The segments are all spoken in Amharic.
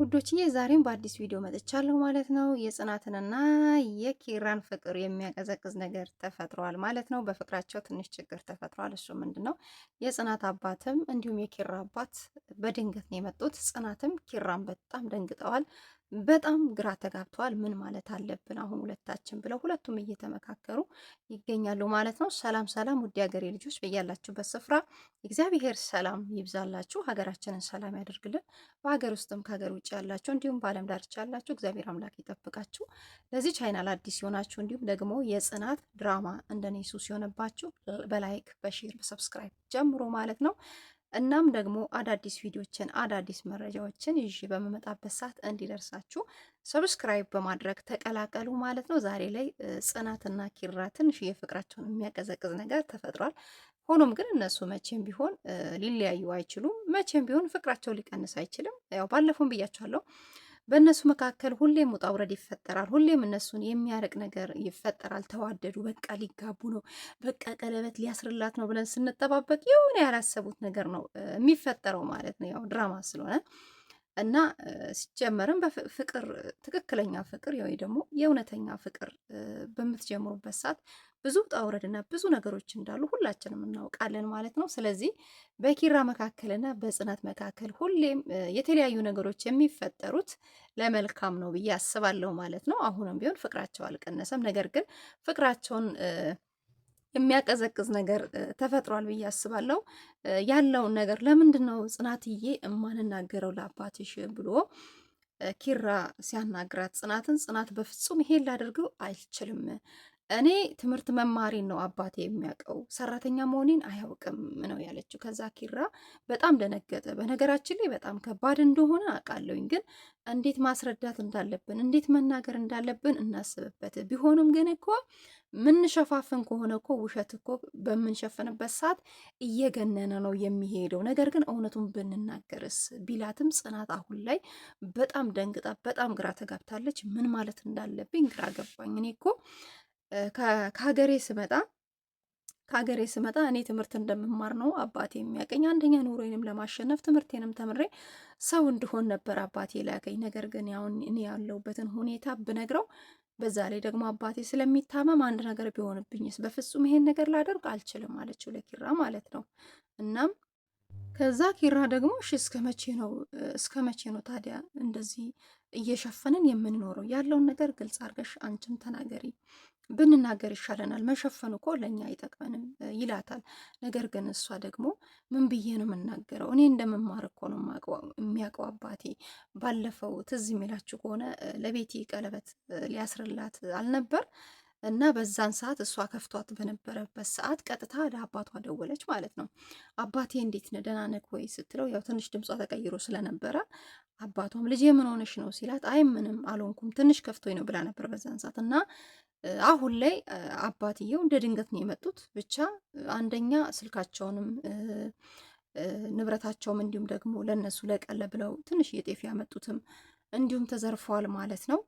ውዶችዬ ዛሬም በአዲስ ቪዲዮ መጥቻለሁ ማለት ነው። የጽናትንና የኪራን ፍቅር የሚያቀዘቅዝ ነገር ተፈጥሯል ማለት ነው። በፍቅራቸው ትንሽ ችግር ተፈጥሯል። እሱ ምንድን ነው? የጽናት አባትም እንዲሁም የኪራ አባት በድንገት ነው የመጡት። ጽናትም ኪራን በጣም ደንግጠዋል። በጣም ግራ ተጋብተዋል። ምን ማለት አለብን አሁን ሁለታችን ብለው ሁለቱም እየተመካከሩ ይገኛሉ ማለት ነው። ሰላም ሰላም፣ ውድ ሀገሬ ልጆች በያላችሁበት ስፍራ እግዚአብሔር ሰላም ይብዛላችሁ፣ ሀገራችንን ሰላም ያደርግልን። በሀገር ውስጥም ከሀገር ውጭ ያላችሁ እንዲሁም በዓለም ዳርቻ ያላችሁ እግዚአብሔር አምላክ ይጠብቃችሁ። ለዚህ ቻይናል አዲስ ሲሆናችሁ እንዲሁም ደግሞ የጽናት ድራማ እንደኔ ሱስ የሆነባችሁ በላይክ በሼር በሰብስክራይብ ጀምሮ ማለት ነው እናም ደግሞ አዳዲስ ቪዲዮችን አዳዲስ መረጃዎችን ይዤ በመመጣበት ሰዓት እንዲደርሳችሁ ሰብስክራይብ በማድረግ ተቀላቀሉ ማለት ነው። ዛሬ ላይ ጽናትና ኪራ ትንሽ የፍቅራቸውን የሚያቀዘቅዝ ነገር ተፈጥሯል። ሆኖም ግን እነሱ መቼም ቢሆን ሊለያዩ አይችሉም። መቼም ቢሆን ፍቅራቸው ሊቀንስ አይችልም። ያው ባለፈውን ብያችኋለሁ። በእነሱ መካከል ሁሌም ውጣ ውረድ ይፈጠራል። ሁሌም እነሱን የሚያርቅ ነገር ይፈጠራል። ተዋደዱ፣ በቃ ሊጋቡ ነው፣ በቃ ቀለበት ሊያስርላት ነው ብለን ስንጠባበቅ የሆነ ያላሰቡት ነገር ነው የሚፈጠረው ማለት ነው። ያው ድራማ ስለሆነ እና ሲጀመርም በፍቅር ትክክለኛ ፍቅር ወይ ደግሞ የእውነተኛ ፍቅር በምትጀምሩበት ሰዓት ብዙ ውጣ ውረድና ብዙ ነገሮች እንዳሉ ሁላችንም እናውቃለን ማለት ነው። ስለዚህ በኪራ መካከልና በጽናት መካከል ሁሌም የተለያዩ ነገሮች የሚፈጠሩት ለመልካም ነው ብዬ አስባለሁ ማለት ነው። አሁንም ቢሆን ፍቅራቸው አልቀነሰም። ነገር ግን ፍቅራቸውን የሚያቀዘቅዝ ነገር ተፈጥሯል ብዬ አስባለሁ። ያለውን ነገር ለምንድን ነው ጽናትዬ እማንናገረው ለአባትሽ ብሎ ኪራ ሲያናግራት ጽናትን ጽናት በፍጹም ይሄን ላደርገው አይችልም እኔ ትምህርት መማሪን ነው አባቴ የሚያውቀው ሰራተኛ መሆኔን አያውቅም ነው ያለችው። ከዛ ኪራ በጣም ደነገጠ። በነገራችን ላይ በጣም ከባድ እንደሆነ አውቃለሁኝ፣ ግን እንዴት ማስረዳት እንዳለብን እንዴት መናገር እንዳለብን እናስብበት። ቢሆንም ግን እኮ ምንሸፋፍን ከሆነ እኮ ውሸት እኮ በምንሸፍንበት ሰዓት እየገነነ ነው የሚሄደው። ነገር ግን እውነቱን ብንናገርስ ቢላትም ጽናት አሁን ላይ በጣም ደንግጣ በጣም ግራ ተጋብታለች። ምን ማለት እንዳለብኝ ግራ ገባኝ። እኔ እኮ ከሀገሬ ስመጣ ከሀገሬ ስመጣ እኔ ትምህርት እንደምማር ነው አባቴ የሚያቀኝ። አንደኛ ኑሮዬንም ለማሸነፍ ትምህርቴንም ተምሬ ሰው እንድሆን ነበር አባቴ ላያቀኝ። ነገር ግን ያሁን እኔ ያለሁበትን ሁኔታ ብነግረው በዛ ላይ ደግሞ አባቴ ስለሚታመም አንድ ነገር ቢሆንብኝስ፣ በፍጹም ይሄን ነገር ላደርግ አልችልም አለችው ለኪራ ማለት ነው። እናም ከዛ ኪራ ደግሞ እሺ እስከ መቼ ነው እስከ መቼ ነው ታዲያ እንደዚህ እየሸፈንን የምንኖረው? ያለውን ነገር ግልጽ አድርገሽ አንቺም ተናገሪ ብንናገር ይሻለናል፣ መሸፈኑ እኮ ለእኛ አይጠቅመንም ይላታል። ነገር ግን እሷ ደግሞ ምን ብዬ ነው የምናገረው? እኔ እንደምማር እኮ ነው የሚያውቀው አባቴ። ባለፈው ትዝ የሚላችሁ ከሆነ ለቤቲ ቀለበት ሊያስርላት አልነበር እና በዛን ሰዓት እሷ ከፍቷት በነበረበት ሰዓት ቀጥታ ለአባቷ ደወለች ማለት ነው። አባቴ እንዴት ነህ ደህና ነህ ወይ ስትለው ያው ትንሽ ድምጿ ተቀይሮ ስለነበረ አባቷም ልጄ ምን ሆነሽ ነው ሲላት አይ ምንም አልሆንኩም ትንሽ ከፍቶኝ ነው ብላ ነበር በዛን ሰዓት እና አሁን ላይ አባትየው እንደ ድንገት ነው የመጡት። ብቻ አንደኛ ስልካቸውንም ንብረታቸውም እንዲሁም ደግሞ ለነሱ ለቀለ ብለው ትንሽ የጤፍ ያመጡትም እንዲሁም ተዘርፈዋል ማለት ነው።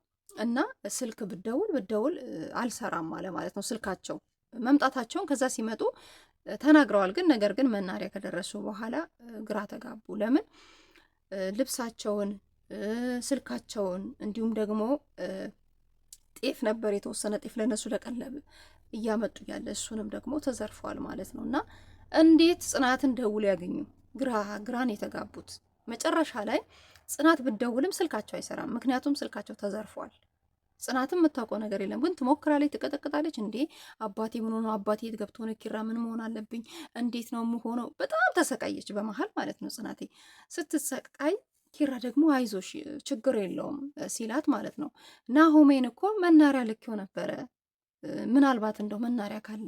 እና ስልክ ብደውል ብደውል አልሰራም አለ ማለት ነው። ስልካቸው መምጣታቸውን ከዛ ሲመጡ ተናግረዋል። ግን ነገር ግን መናሪያ ከደረሱ በኋላ ግራ ተጋቡ። ለምን ልብሳቸውን፣ ስልካቸውን እንዲሁም ደግሞ ጤፍ ነበር የተወሰነ ጤፍ ለነሱ ለቀለብ እያመጡ ያለ እሱንም ደግሞ ተዘርፏል ማለት ነው። እና እንዴት ጽናትን ደውሎ ያገኙ ግራ ግራን የተጋቡት መጨረሻ ላይ ጽናት ብደውልም ስልካቸው አይሰራም። ምክንያቱም ስልካቸው ተዘርፏል። ጽናትም የምታውቀው ነገር የለም፣ ግን ትሞክራለች፣ ትቀጠቅጣለች። እንዴ አባቴ ምን ሆኖ አባቴ የት ገብቶ ነው? ኪራ ምን መሆን አለብኝ? እንዴት ነው የምሆነው? በጣም ተሰቃየች በመሀል ማለት ነው። ጽናቴ ስትሰቃይ ኪራ ደግሞ አይዞሽ ችግር የለውም ሲላት ማለት ነው። ናሆሜን እኮ መናሪያ ልኬው ነበረ ምናልባት እንደው መናሪያ ካለ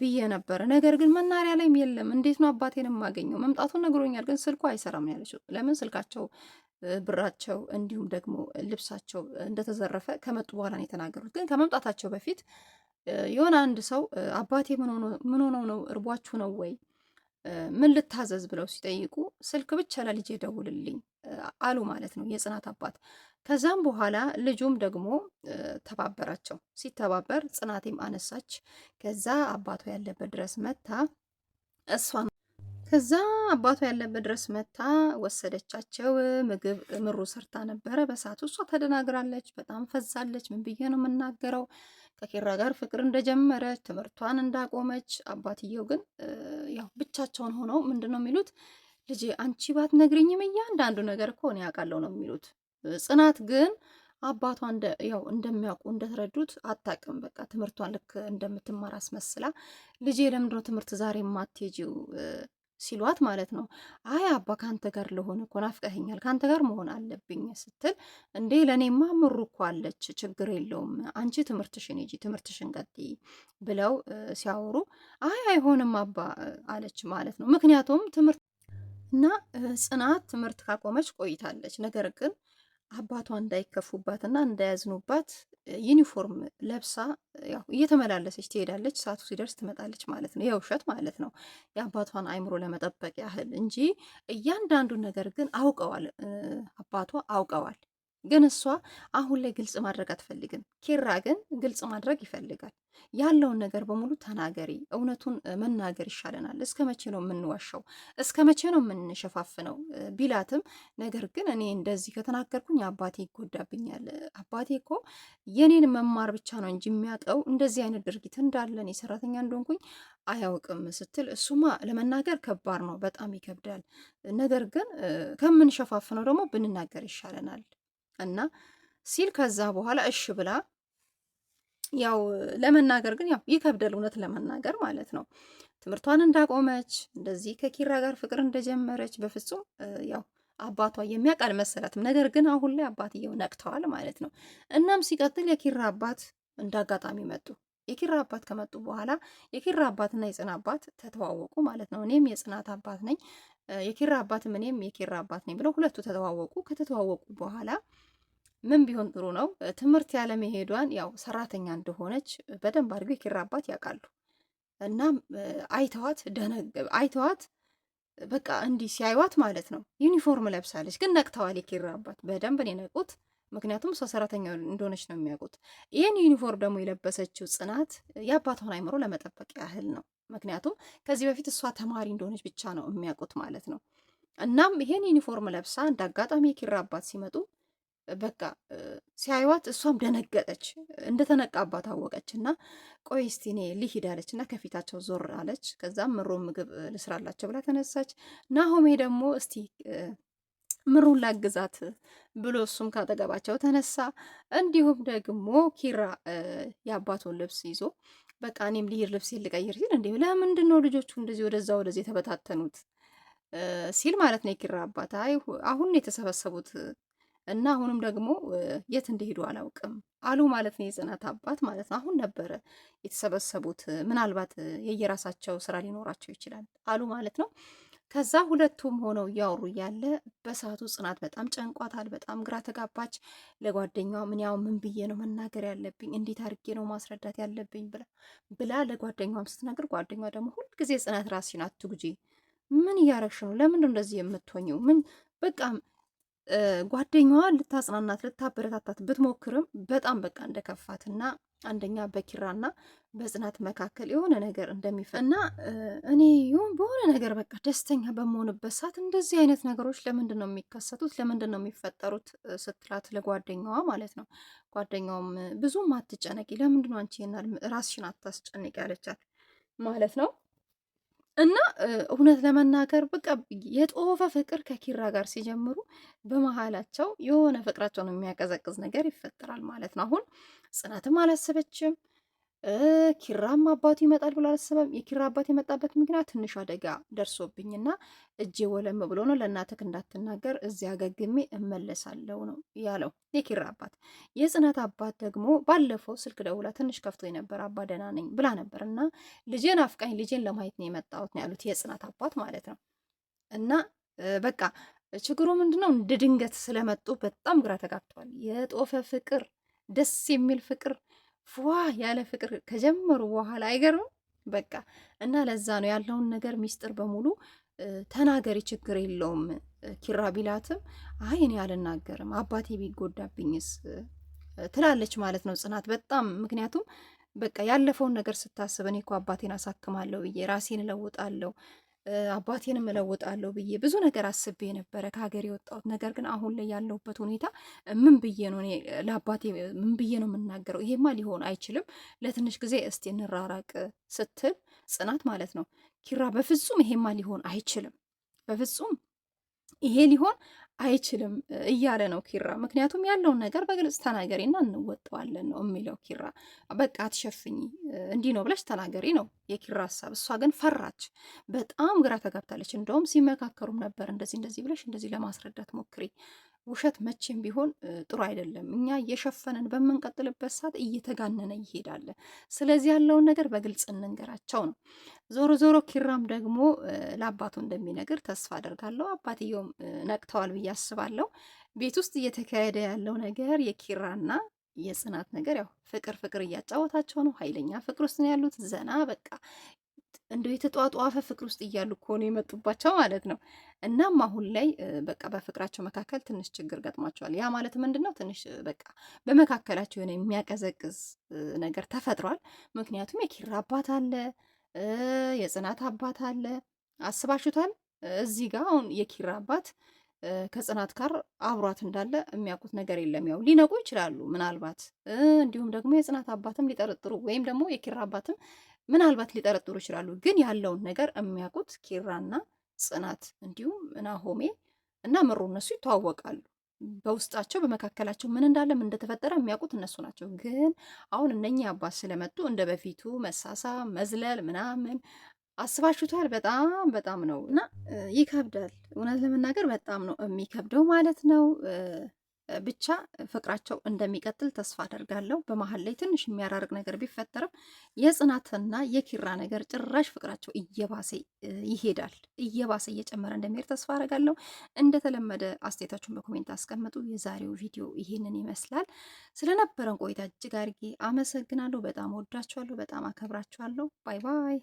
ብዬ ነበረ። ነገር ግን መናሪያ ላይም የለም። እንዴት ነው አባቴን የማገኘው? መምጣቱን ነግሮኛል፣ ግን ስልኩ አይሰራም ያለችው። ለምን ስልካቸው ብራቸው እንዲሁም ደግሞ ልብሳቸው እንደተዘረፈ ከመጡ በኋላ ነው የተናገሩት። ግን ከመምጣታቸው በፊት የሆነ አንድ ሰው አባቴ ምን ሆነው ነው እርቧችሁ ነው ወይ ምን ልታዘዝ ብለው ሲጠይቁ ስልክ ብቻ ለልጄ ደውልልኝ አሉ ማለት ነው የጽናት አባት። ከዛም በኋላ ልጁም ደግሞ ተባበራቸው። ሲተባበር ጽናቴም አነሳች። ከዛ አባቷ ያለበት ድረስ መታ እሷ ከዛ አባቷ ያለበት ድረስ መታ ወሰደቻቸው። ምግብ ምሩ ሰርታ ነበረ በሰዓቱ። እሷ ተደናግራለች፣ በጣም ፈዛለች። ምን ብዬ ነው የምናገረው ከኪራ ጋር ፍቅር እንደጀመረች ትምህርቷን እንዳቆመች፣ አባትየው ግን ያው ብቻቸውን ሆነው ምንድን ነው የሚሉት ልጄ አንቺ ባትነግሪኝም እያንዳንዱ ነገር እኮ እኔ አውቃለሁ ነው የሚሉት። ጽናት ግን አባቷ ያው እንደሚያውቁ እንደተረዱት አታውቅም። በቃ ትምህርቷን ልክ እንደምትማር አስመስላ ልጄ ለምንድነው ትምህርት ዛሬ የማትሄጂው ሲሏት ማለት ነው። አይ አባ ከአንተ ጋር ለሆነ እኮ ናፍቀኸኛል፣ ከአንተ ጋር መሆን አለብኝ ስትል እንዴ ለእኔማ ምሩ እኮ አለች፣ ችግር የለውም አንቺ ትምህርትሽን ሂጂ፣ ትምህርትሽን ቀጥይ ብለው ሲያወሩ አይ አይሆንም አባ አለች ማለት ነው። ምክንያቱም ትምህርት እና ጽናት ትምህርት ካቆመች ቆይታለች። ነገር ግን አባቷ እንዳይከፉባትና እንዳያዝኑባት ዩኒፎርም ለብሳ ያው እየተመላለሰች ትሄዳለች። ሰዓቱ ሲደርስ ትመጣለች ማለት ነው። የውሸት ማለት ነው። የአባቷን አይምሮ ለመጠበቅ ያህል እንጂ እያንዳንዱን ነገር ግን አውቀዋል፣ አባቷ አውቀዋል። ግን እሷ አሁን ላይ ግልጽ ማድረግ አትፈልግም። ኬራ ግን ግልጽ ማድረግ ይፈልጋል። ያለውን ነገር በሙሉ ተናገሪ፣ እውነቱን መናገር ይሻለናል። እስከ መቼ ነው የምንዋሻው? እስከ መቼ ነው የምንሸፋፍነው? ቢላትም ነገር ግን እኔ እንደዚህ ከተናገርኩኝ አባቴ ይጎዳብኛል። አባቴ እኮ የኔን መማር ብቻ ነው እንጂ የሚያውቀው እንደዚህ አይነት ድርጊት እንዳለን የሰራተኛ እንደሆንኩኝ አያውቅም ስትል እሱማ ለመናገር ከባድ ነው፣ በጣም ይከብዳል። ነገር ግን ከምንሸፋፍነው ደግሞ ብንናገር ይሻለናል እና ሲል ከዛ በኋላ እሽ ብላ ያው ለመናገር ግን ያው ይከብዳል፣ እውነት ለመናገር ማለት ነው። ትምህርቷን እንዳቆመች እንደዚህ ከኪራ ጋር ፍቅር እንደጀመረች በፍጹም ያው አባቷ የሚያውቅ አልመሰላትም። ነገር ግን አሁን ላይ አባትየው ነቅተዋል ማለት ነው። እናም ሲቀጥል የኪራ አባት እንዳጋጣሚ መጡ። የኪራ አባት ከመጡ በኋላ የኪራ አባትና የጽና አባት ተተዋወቁ ማለት ነው። እኔም የጽናት አባት ነኝ፣ የኪራ አባትም እኔም የኪራ አባት ነኝ ብለው ሁለቱ ተተዋወቁ። ከተተዋወቁ በኋላ ምን ቢሆን ጥሩ ነው? ትምህርት ያለመሄዷን ያው ሰራተኛ እንደሆነች በደንብ አድርገው የኪራ አባት ያውቃሉ። እናም አይተዋት አይተዋት በቃ እንዲህ ሲያይዋት ማለት ነው ዩኒፎርም ለብሳለች፣ ግን ነቅተዋል። የኪራ አባት በደንብ ነው የነቁት። ምክንያቱም እሷ ሰራተኛ እንደሆነች ነው የሚያውቁት። ይህን ዩኒፎርም ደግሞ የለበሰችው ጽናት የአባቷን አይምሮ ለመጠበቅ ያህል ነው። ምክንያቱም ከዚህ በፊት እሷ ተማሪ እንደሆነች ብቻ ነው የሚያውቁት ማለት ነው። እናም ይሄን ዩኒፎርም ለብሳ እንደ አጋጣሚ የኪራ አባት ሲመጡ በቃ ሲያይዋት እሷም ደነገጠች፣ እንደተነቃባት አወቀች። እና ቆይ እስቲ እኔ ልሂድ አለች እና ከፊታቸው ዞር አለች። ከዛም ምሮ ምግብ ልስራላቸው ብላ ተነሳች። ናሆሜ ደግሞ እስቲ ምሩን ላግዛት ብሎ እሱም ካጠገባቸው ተነሳ። እንዲሁም ደግሞ ኪራ የአባቱን ልብስ ይዞ በቃ እኔም ልሂድ ልብስ ልቀይር ሲል እንዲሁ ለምንድን ነው ልጆቹ እንደዚህ ወደዛ ወደዚህ የተበታተኑት ሲል ማለት ነው የኪራ አባት አይ አሁን የተሰበሰቡት እና አሁንም ደግሞ የት እንደሄዱ አላውቅም አሉ ማለት ነው የጽናት አባት ማለት ነው። አሁን ነበረ የተሰበሰቡት ምናልባት የየራሳቸው ስራ ሊኖራቸው ይችላል አሉ ማለት ነው። ከዛ ሁለቱም ሆነው እያወሩ እያለ በሰዓቱ ጽናት በጣም ጨንቋታል። በጣም ግራ ተጋባች። ለጓደኛዋ ምን ያው ምን ብዬ ነው መናገር ያለብኝ፣ እንዴት አድርጌ ነው ማስረዳት ያለብኝ ብላ ብላ ለጓደኛዋም ስትነግር ጓደኛዋ ደግሞ ሁልጊዜ ጽናት ራስሽን አትጉጂ፣ ምን እያረግሽ ነው? ለምንድን እንደዚህ የምትሆኝው? ምን በቃ ጓደኛዋ ልታጽናናት ልታበረታታት ብትሞክርም በጣም በቃ እንደከፋትና አንደኛ በኪራና በጽናት መካከል የሆነ ነገር እንደሚፈ እና እኔ ይሁን በሆነ ነገር በቃ ደስተኛ በመሆንበት ሰዓት እንደዚህ አይነት ነገሮች ለምንድን ነው የሚከሰቱት? ለምንድን ነው የሚፈጠሩት? ስትላት ለጓደኛዋ ማለት ነው። ጓደኛውም ብዙም አትጨነቂ፣ ለምንድን ነው አንቺ ራስሽን አታስጨንቅ ያለቻት ማለት ነው። እና እውነት ለመናገር በቃ የጦፈ ፍቅር ከኪራ ጋር ሲጀምሩ በመሀላቸው የሆነ ፍቅራቸውን የሚያቀዘቅዝ ነገር ይፈጠራል ማለት ነው። አሁን ጽናትም አላሰበችም ኪራም አባቱ ይመጣል ብሎ አላሰበም። የኪራ አባት የመጣበት ምክንያት ትንሽ አደጋ ደርሶብኝና እጄ ወለም ብሎ ነው ለእናትህ እንዳትናገር እዚያ አገግሜ እመለሳለሁ ነው ያለው የኪራ አባት። የጽናት አባት ደግሞ ባለፈው ስልክ ደውላ ትንሽ ከፍቶ የነበር አባ ደህና ነኝ ብላ ነበር እና ልጄን አፍቃኝ ልጄን ለማየት ነው የመጣሁት ነው ያሉት የጽናት አባት ማለት ነው እና በቃ ችግሩ ምንድነው እንደ ድንገት ስለመጡ በጣም ግራ ተጋብተዋል። የጦፈ ፍቅር ደስ የሚል ፍቅር ፏ ያለ ፍቅር ከጀመሩ በኋላ አይገርምም። በቃ እና ለዛ ነው ያለውን ነገር ሚስጥር በሙሉ ተናገሪ፣ ችግር የለውም ኪራ ቢላትም አይ እኔ አልናገርም አባቴ ቢጎዳብኝስ ትላለች ማለት ነው ጽናት በጣም ምክንያቱም በቃ ያለፈውን ነገር ስታስብ እኔ እኮ አባቴን አሳክማለሁ ብዬ ራሴን እለውጣለሁ አባቴን እለውጣለሁ ብዬ ብዙ ነገር አስቤ ነበረ ከሀገር የወጣሁት። ነገር ግን አሁን ላይ ያለሁበት ሁኔታ ምን ብዬ ነው ለአባቴ ምን ብዬ ነው የምናገረው? ይሄማ ሊሆን አይችልም። ለትንሽ ጊዜ እስቲ እንራራቅ ስትል ጽናት ማለት ነው ኪራ በፍጹም ይሄማ ሊሆን አይችልም፣ በፍጹም ይሄ ሊሆን አይችልም እያለ ነው ኪራ። ምክንያቱም ያለውን ነገር በግልጽ ተናገሪ ተናገሪና እንወጠዋለን ነው የሚለው ኪራ። በቃ አትሸፍኝ፣ እንዲህ ነው ብለሽ ተናገሪ ነው የኪራ ሀሳብ። እሷ ግን ፈራች፣ በጣም ግራ ተጋብታለች። እንደውም ሲመካከሩም ነበር እንደዚህ እንደዚህ ብለሽ እንደዚህ ለማስረዳት ሞክሪ ውሸት መቼም ቢሆን ጥሩ አይደለም። እኛ እየሸፈንን በምንቀጥልበት ሰዓት እየተጋነነ ይሄዳል። ስለዚህ ያለውን ነገር በግልጽ እንንገራቸው ነው። ዞሮ ዞሮ ኪራም ደግሞ ለአባቱ እንደሚነግር ተስፋ አደርጋለሁ። አባትየውም ነቅተዋል ብዬ አስባለሁ። ቤት ውስጥ እየተካሄደ ያለው ነገር የኪራና የጽናት ነገር ያው ፍቅር ፍቅር እያጫወታቸው ነው። ኃይለኛ ፍቅር ውስጥ ነው ያሉት። ዘና በቃ እንደው የተጧጧፈ ፍቅር ውስጥ እያሉ ከሆነ የመጡባቸው ማለት ነው። እናም አሁን ላይ በቃ በፍቅራቸው መካከል ትንሽ ችግር ገጥሟቸዋል። ያ ማለት ምንድን ነው? ትንሽ በቃ በመካከላቸው የሆነ የሚያቀዘቅዝ ነገር ተፈጥሯል። ምክንያቱም የኪራ አባት አለ፣ የጽናት አባት አለ። አስባችሁታል? እዚህ ጋር አሁን የኪራ አባት ከጽናት ጋር አብሯት እንዳለ የሚያውቁት ነገር የለም። ያው ሊነቁ ይችላሉ ምናልባት፣ እንዲሁም ደግሞ የጽናት አባትም ሊጠረጥሩ ወይም ደግሞ የኪራ አባትም ምናልባት ሊጠረጥሩ ይችላሉ። ግን ያለውን ነገር የሚያውቁት ኪራና ጽናት እንዲሁም ናሆሜ እና ምሩ እነሱ ይተዋወቃሉ። በውስጣቸው በመካከላቸው ምን እንዳለ ምን እንደተፈጠረ የሚያውቁት እነሱ ናቸው። ግን አሁን እነኚህ አባት ስለመጡ እንደ በፊቱ መሳሳ መዝለል ምናምን አስባችሁታል። በጣም በጣም ነው እና ይከብዳል። እውነት ለመናገር በጣም ነው የሚከብደው ማለት ነው። ብቻ ፍቅራቸው እንደሚቀጥል ተስፋ አደርጋለሁ። በመሀል ላይ ትንሽ የሚያራርቅ ነገር ቢፈጠርም የጽናትና የኪራ ነገር ጭራሽ ፍቅራቸው እየባሰ ይሄዳል፣ እየባሰ እየጨመረ እንደሚሄድ ተስፋ አደርጋለሁ። እንደተለመደ አስተያየታችሁን በኮሜንት አስቀምጡ። የዛሬው ቪዲዮ ይህንን ይመስላል። ስለነበረን ቆይታ እጅግ አድርጌ አመሰግናለሁ። በጣም ወዳችኋለሁ፣ በጣም አከብራችኋለሁ። ባይ ባይ